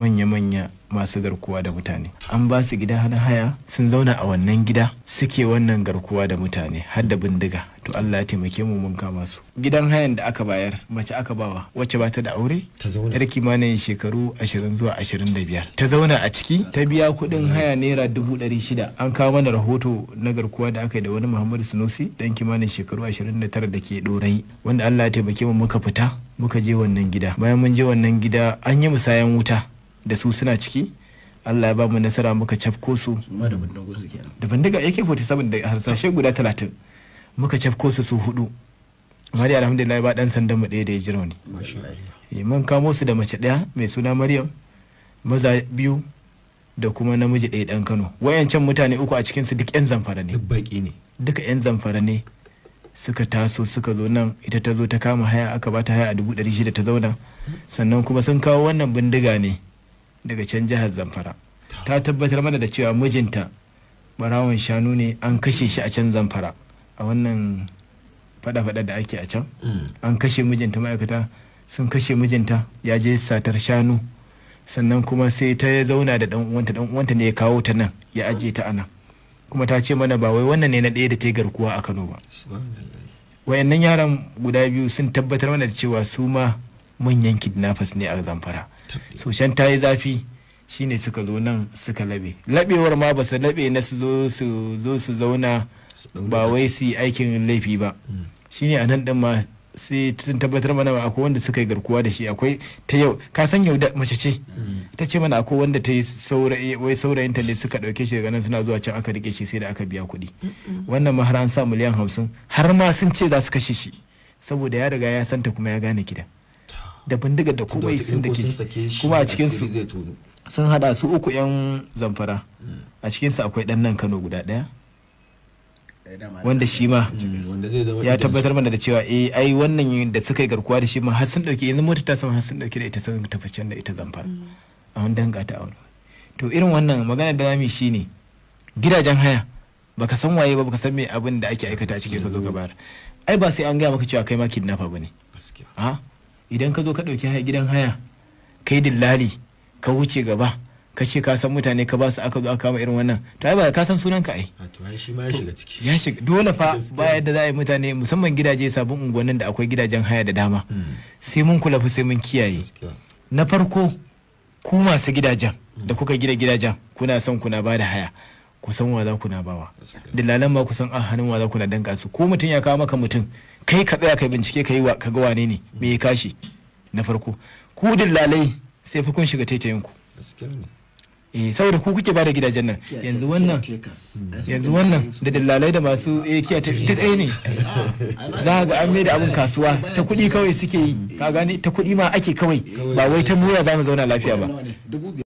manya-manya masu garkuwa da mutane an ba su gida na haya sun zauna a wannan gida suke wannan garkuwa da mutane har da bindiga to Allah ya taimake mu mun kama su gidan hayan da aka bayar mace aka bawa wacce ba ta da aure ta zauna yar kimanin shekaru 20 zuwa 25 ta zauna a ciki ta biya kuɗin haya naira dubu shida. an kawo mana rahoto na garkuwa da aka yi da wani Muhammadu Sunusi dan kimanin shekaru 29 da ke dorai wanda Allah ya taimake mu muka fita muka je wannan gida bayan mun je wannan gida an yi musayan wuta da su suna ciki Allah ya ba mu nasara muka cafko su da bindiga AK47 da harsashe guda 30 muka cafko su su hudu amma alhamdulillah ba dan sandan mu daya da ya ji rauni eh, mun kamo su da mace daya mai suna Maryam maza biyu da kuma namiji daya dan Kano wayancan mutane uku a cikin su duk yan zamfara ne duka yan zamfara ne suka taso suka zo nan ita ta zo ta kama haya aka bata haya a dubu ɗari shida ta zauna sannan kuma sun kawo wannan bindiga ne daga can jihar zamfara ta tabbatar mana da cewa mijinta barawon shanu ne an kashe shi a can zamfara a wannan fada-fada da ake a can an kashe mijinta ma'aikata sun kashe mijinta ya je satar shanu sannan kuma sai ta zauna da dan uwanta dan uwanta ne ya kawo ta nan ya aje ta nan kuma ta ce mana ba wai wannan ne na ɗaya da ta garkuwa a Kano ba wayannan yaran guda biyu sun tabbatar mana da cewa su ma manyan kidnappers ne a zamfara so shan ta yi zafi shine suka zo nan suka labe labewar ma ba su labe na su zo su zo su zauna ba wai su aikin laifi ba mm. shine a nan din ma sai sun tabbatar mana akwai wanda suka yi garkuwa da shi akwai ta yau ka san yau da mace ce mm. ta ce mana akwai wanda ta yi saurayi wai saurayin ta suka dauke shi daga nan suna zuwa can aka rike shi sai da aka biya kuɗi wannan ma har sa miliyan hamsin har ma sun ce za su kashe shi saboda ya riga ya santa kuma ya gane gida da bindiga da yi sun da kuma a cikin su sun hada su uku yan zamfara hmm. a cikin su akwai dan nan Kano guda daya eh, wanda shi ma hmm, ya tabbatar mana da cewa eh ai wannan da suka yi garkuwa da shi ma har sun dauke yanzu mota ta sama har sun dauke da ita sun tafi can da ita zamfara hmm. a wanda danga ta aure to irin wannan magana da nami shine gidajen haya baka san waye ba baka san me abin da ake aikata a cikin ka zo ka ai ba sai an gaya maka cewa kai ma kidnapper bane gaskiya ah? idan ka zo ka ɗauki gidan haya kai dillali ka wuce gaba ka ce ka san mutane ka ba su aka zo aka kama irin wannan to ai ba ka san sunan ka ai to ai shi ma ya shiga ciki ya shiga dole fa ba yadda za a yi mutane musamman gidaje sabon unguwannin da akwai gidajen haya da dama hmm. sai mun kula fa sai mun kiyaye na farko ku masu gidajen da hmm. kuka gina gidajen kuna son kuna ba da haya ku san wa za ku na bawa dalilan ma ku san a hannun wa za ku na danka su ko mutum ya kawo maka mutum kai ka tsaya kai bincike kai wa ka ga wane ne me ya kashi na farko ku dillalai sai fa kun shiga taitayin ku eh saboda ku kuke bada gidajen nan yanzu wannan yanzu wannan da dillalai da masu kiya ta tsaye ne za ga an mai da abin kasuwa ta kuɗi kawai suke yi ka gane ta kuɗi ma ake kawai ba wai ta muya za mu zauna lafiya ba